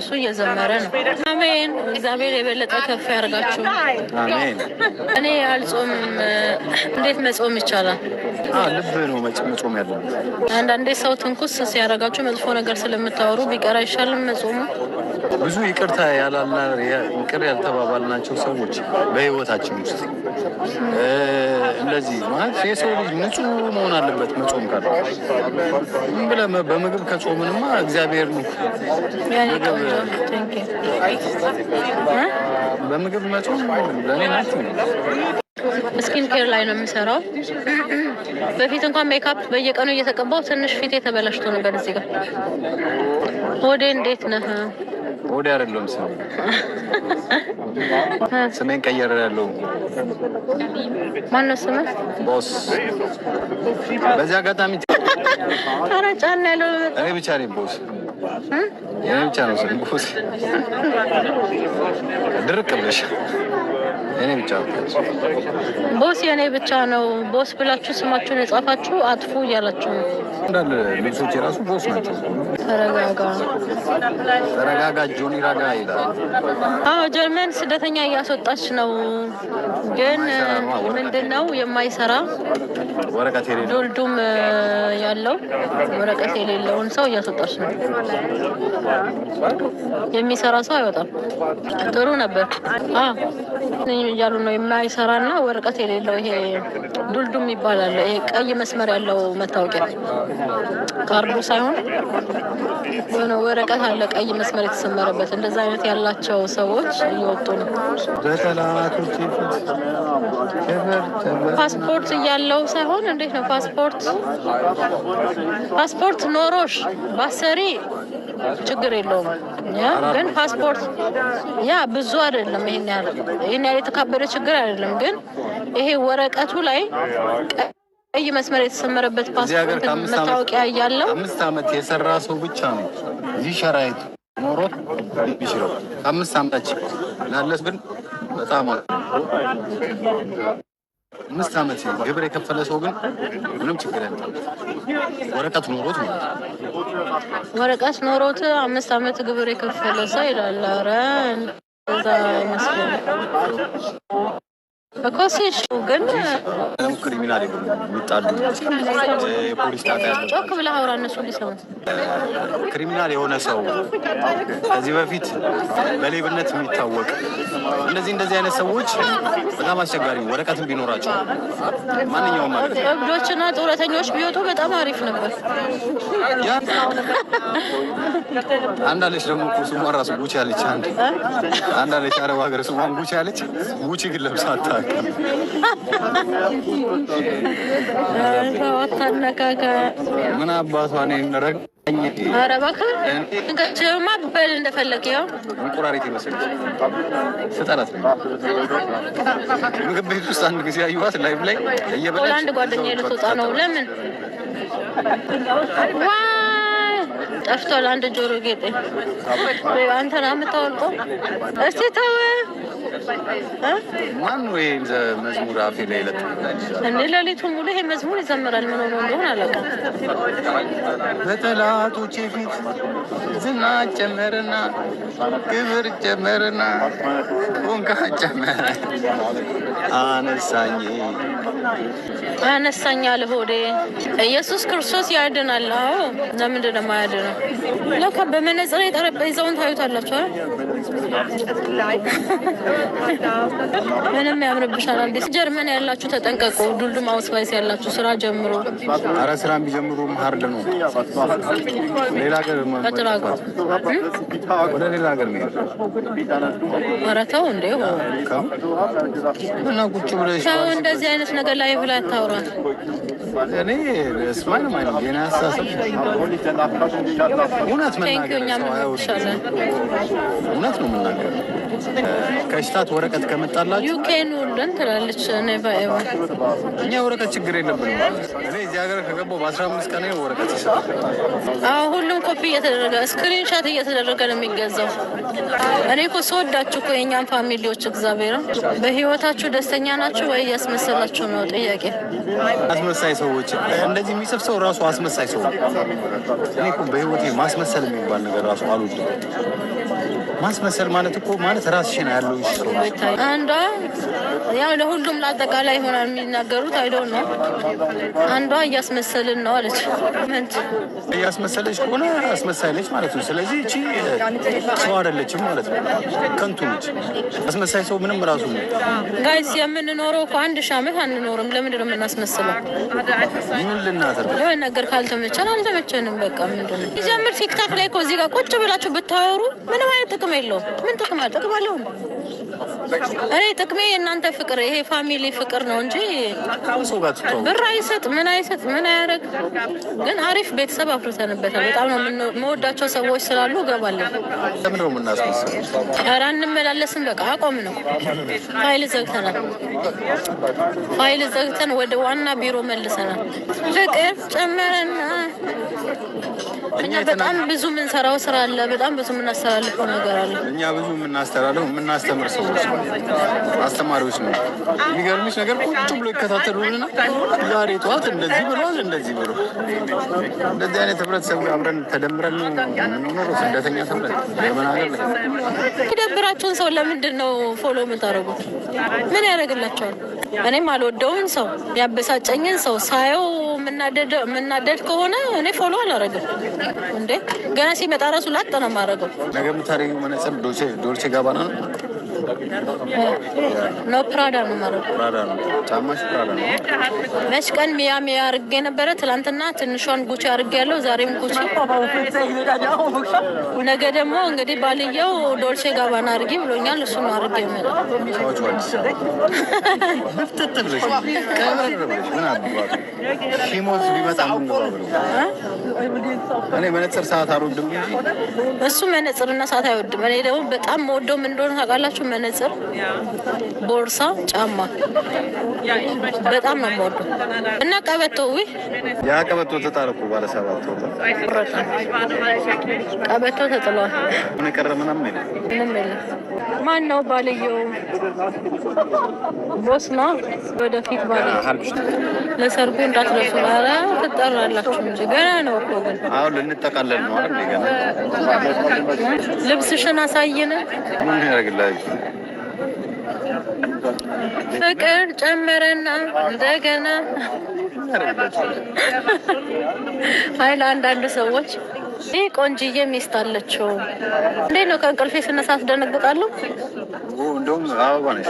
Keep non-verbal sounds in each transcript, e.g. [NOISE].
እሱ እየዘመረ ነው። አሜን። እግዚአብሔር የበለጠ ከፍ ያደርጋችሁ። አሜን። እኔ አልጾምም። እንዴት መጾም ይቻላል? ልብ ነው መጾም ያለ። አንዳንዴ ሰው ትንኩስ ሲያረጋችሁ መጥፎ ነገር ስለምታወሩ ቢቀር አይሻልም መጾሙ? ብዙ ይቅርታ ያላና ይቅር ያልተባባልናቸው ሰዎች በህይወታችን ውስጥ እንደዚህ ማለት የሰው ልጅ ንጹህ መሆን አለበት። መጾም ካለ ብለ በምግብ ከጾምንማ እግዚአብሔር ነው በምግብ መጡ ለእኔ ናት። ስኪን ኬር ላይ ነው የሚሰራው በፊት እንኳን ሜካፕ በየቀኑ እየተቀባው ትንሽ ፊት የተበላሽቶ ነበር። እዚህ ጋር ወደ እንዴት ነህ? ወደ አይደለም ስሜ [LAUGHS] ስሜን ቀየረ ያለው ማነው? ስምህ ቦስ። በዚህ አጋጣሚ [LAUGHS] ኧረ ያለው እኔ ብቻ ቦስ ብቻ ነው ድርቅ ብለሽ እኔ ብቻ ቦስ የእኔ ብቻ ነው ቦስ ብላችሁ ስማችሁን የጻፋችሁ አጥፉ እያላችሁ ነው። እንዳለ ልብሶች የራሱ ቦስ ናቸው። ተረጋጋ ተረጋጋ፣ ጆኒ ረጋ ይላል። አዎ ጀርመን ስደተኛ እያስወጣች ነው፣ ግን ምንድን ነው የማይሰራ ወረቀት ዶልዱም ያለው ወረቀት የሌለውን ሰው እያስወጣች ነው። የሚሰራ ሰው አይወጣም። ጥሩ ነበር እንትን እያሉ ነው የማይሰራና ወረቀት የሌለው ይሄ ዱልዱም ይባላል። ይሄ ቀይ መስመር ያለው መታወቂያ ካርዱ ሳይሆን የሆነ ወረቀት አለ ቀይ መስመር የተሰመረበት እንደዛ አይነት ያላቸው ሰዎች እየወጡ ነው። ፓስፖርት እያለው ሳይሆን እንዴት ነው ፓስፖርት ፓስፖርት ኖሮሽ ባሰሪ ችግር የለውም። ግን ፓስፖርት ያ ብዙ አይደለም። ይሄን ያለ ይሄን ያለ የተካበደ ችግር አይደለም። ግን ይሄ ወረቀቱ ላይ ቀይ መስመር የተሰመረበት ፓስፖርት መታወቂያ እያለው አምስት ዓመት የሰራ ሰው ብቻ ነው እዚህ ሸራይቱ ኖሮ ይችላል። አምስት ዓመታችን ላለስ ግን በጣም አምስት ዓመት ግብር የከፈለ ሰው ግን ምንም ችግር ያለ ወረቀት ኖሮት ማለት ወረቀት ኖሮት አምስት ዓመት ግብር የከፈለ ሰው ይላል። ኧረ እዛ ይመስላል። ግን ክሪሚናል የሚጣሉ የፖሊስ ጣጣ ጮክ ብለህ አውራ እነሱ ሊሰሙት። ክሪሚናል የሆነ ሰው ከዚህ በፊት በሌብነት የሚታወቅ እንደዚህ እንደዚህ አይነት ሰዎች በጣም አስቸጋሪ ወረቀትም ቢኖራቸው ማንኛውም እብዶችና ጡረተኞች ቢወጡ በጣም አሪፍ ነበር። አንዳለች ደግሞ ስሟ ራሱ ጉቺ ያለች አንድ አንዳለች አረብ ሀገር ስሟን ጉቺ ያለች ጉቺ ግን ለብሳታል ምን አባቷ ነረግ ኧረ እባክህ እንቀችማ በል እንደፈለግ ያው እንቁራሪት ይመስል ስጠራት ነው። ምግብ ቤት ውስጥ አንድ ጊዜ አየኋት ላይቭ ላይ እየበላች አንድ ጓደኛ ልትወጣ ነው። ለምን ጠፍቷል? አንድ ጆሮ ጌጤ አንተና የምታወልቀው እስቲ ተወ ማን ወይም መዝሙር አፌ ላይ ለጥ እኔ ሌሊቱን ሙሉ ይሄ መዝሙር ይዘምራል። ምን ሆኖ እንደሆነ አላውቅም። በጠላቶቼ ፊት ዝና ጨመርና ክብር ጨመርና ቁንቃ ጨመረ አነሳኝ ያነሳኛል ሆዴ። ኢየሱስ ክርስቶስ ያድናል። አዎ ለምንድን ነው የማያድነው? ለካ በመነጽር የጠረጴዛውን ታዩታላችሁ። ምንም ያምርብሻል። አዲስ ጀርመን ያላችሁ ተጠንቀቁ። ዱልዱም አውስባይስ ያላችሁ ስራ ጀምሮ አረ ስራ ቢጀምሩ ሀርድ ነው። ሌላ ሀገር ወደ ሌላ ሀገር ኧረ ተው እንዴ! እንደዚህ አይነት ነገር በላይ ብላ ታውራት እኔ ስማን ማለት ነው። እውነት ነው የምናገረው። ከሽታት ወረቀት ከመጣላችሁ ዩኬን ሁሉን ትላለች። እኛ ወረቀት ችግር የለብንም። እኔ እዚህ ሀገር ከገባሁ በአስራ አምስት ቀን ወረቀት ይሰራል። ሁሉም ኮፒ እየተደረገ ስክሪን ሻት እየተደረገ ነው የሚገዛው። እኔ እኮ ሰወዳችሁ እኮ የእኛም ፋሚሊዎች እግዚአብሔርም በህይወታችሁ ደስተኛ ናችሁ ወይ እያስመሰላችሁ ነው? ነው ጥያቄ። አስመሳይ ሰዎች እንደዚህ የሚሰብሰው ራሱ አስመሳይ ሰው። እኔ እኮ በህይወቴ ማስመሰል የሚባል ነገር ራሱ አሉ ማስመሰል ማለት እኮ ማለት ራስሽን ያለው አንዷ ያው ለሁሉም ለአጠቃላይ ይሆናል የሚናገሩት አይደ ነው። አንዷ እያስመሰልን ነው አለች። እያስመሰለች ከሆነ አስመሳይ ነች ማለት ነው። ስለዚህ እቺ ሰው አይደለችም ማለት ነው። ከንቱ ነች። አስመሳይ ሰው ምንም ራሱ ጋይስ የምንኖረው እኮ አንድ ሺህ ዓመት አይኖርም። ለምንድን ነው የምናስመስለው? ምን ልናደርግ የሆነ ነገር ካልተመቸን አልተመቸንም። በቃ ምንድን ነው ይጀምር ቲክታክ ላይ እኮ እዚህ ጋር ቁጭ ብላችሁ ብታወሩ ምንም አይነት ጥቅም የለውም። ምን ጥቅም አለ? ጥቅም አለው እኔ ጥቅሜ የእናንተ ፍቅር ይሄ ፋሚሊ ፍቅር ነው እንጂ ብር አይሰጥ ምን አይሰጥ ምን አያደርግ። ግን አሪፍ ቤተሰብ አፍርተንበታል። በጣም ነው የምወዳቸው ሰዎች ስላሉ እገባለሁ። ኧረ እንመላለስም። በቃ አቆም ነው ፋይል ዘግተናል። ፋይል ዘግተን ወደ ዋና ቢሮ መልሰናል። ፍቅር ጨመረና እኛ በጣም ብዙ የምንሰራው ስራ አለ። በጣም ብዙ የምናስተላልፈው ነገር አለ። እኛ ብዙ የምናስተላልፈው የምታስተምር ሰው አስተማሪዎች ነው። የሚገርምሽ ነገር ቁጭ ብሎ ይከታተሉንና ዛሬ ጠዋት እንደዚህ ብሏል፣ እንደዚህ ብሎ እንደዚህ አይነት ህብረተሰብ አብረን ተደምረን የምንኖረው ስደተኛ ተብለን የደብራቸውን ሰው ለምንድን ነው ፎሎ የምታደርጉት? ምን ያደርግላቸዋል? እኔም አልወደውን ሰው ያበሳጨኝን ሰው ሳየው የምናደድ ከሆነ እኔ ፎሎ አላረግም። እንዴ ገና ሲመጣ ራሱ ላጠ ነው የማደርገው። ነገ ምታሪ መነጽር ጋባና ነው ፕራዳ ነው ማለት ፕራዳ ነው። ጫማሽ ፕራዳ ነው። መች ቀን ሚያ ሚያ አርጌ ነበረ። ትላንትና ትንሿን ጉቺ አርጌ ያለው ዛሬም ጉቺ፣ ነገ ደግሞ እንግዲህ ባልየው ዶልቼ ጋባን አርጌ ብሎኛል። እሱ ነው አርጌ እሱ መነጽርና ሰዓት አይወድም። እኔ ደግሞ በጣም መወደውም እንደሆነ ታውቃላችሁ ራሱ መነጽር፣ ቦርሳ፣ ጫማ በጣም ነው ሞዱ እና ቀበቶ ዊ ያ ቀበቶ ተጣለ እኮ ባለ ሰባት ቀበቶ ተጥሏል። ምንም የለም። ማን ነው ባልየው? ቦስ ነው። ወደፊት ባለ ለሰርጉ እንዳትረሱ። ኧረ ትጠራላችሁ እንጂ ገና ነው እኮ ግን አሁን ነው አይደል? ገና ልብስሽን አሳይን። ምን ፍቅር ጨመረና እንደገና ኃይል አንዳንድ ሰዎች ይህ ቆንጅዬ ሚስት አለችው። እንዴት ነው? ከእንቅልፌ ስነሳ አስደነግጣለሁ። እንደውም አበባ ነሽ።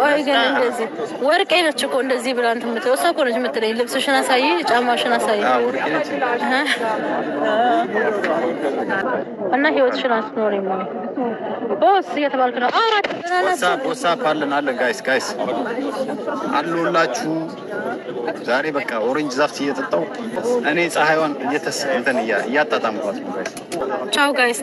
ቆይ ግን እንደዚህ ወርቄ ነች እኮ እንደዚህ ብላ እንትን የምትለው እሷ እኮ ነች የምትለኝ። ልብስሽን አሳይ፣ ጫማሽን አሳይ እና ህይወትሽን አትኖሪ ቦስ እየተባልክ ነው። አራት አለን አለን ጋይስ ጋይስ አሉላችሁ ዛሬ በቃ ኦሬንጅ ዛፍት እየጠጣው እኔ ፀሐይዋን እያጣጣምኳት ቻው ጋይስ።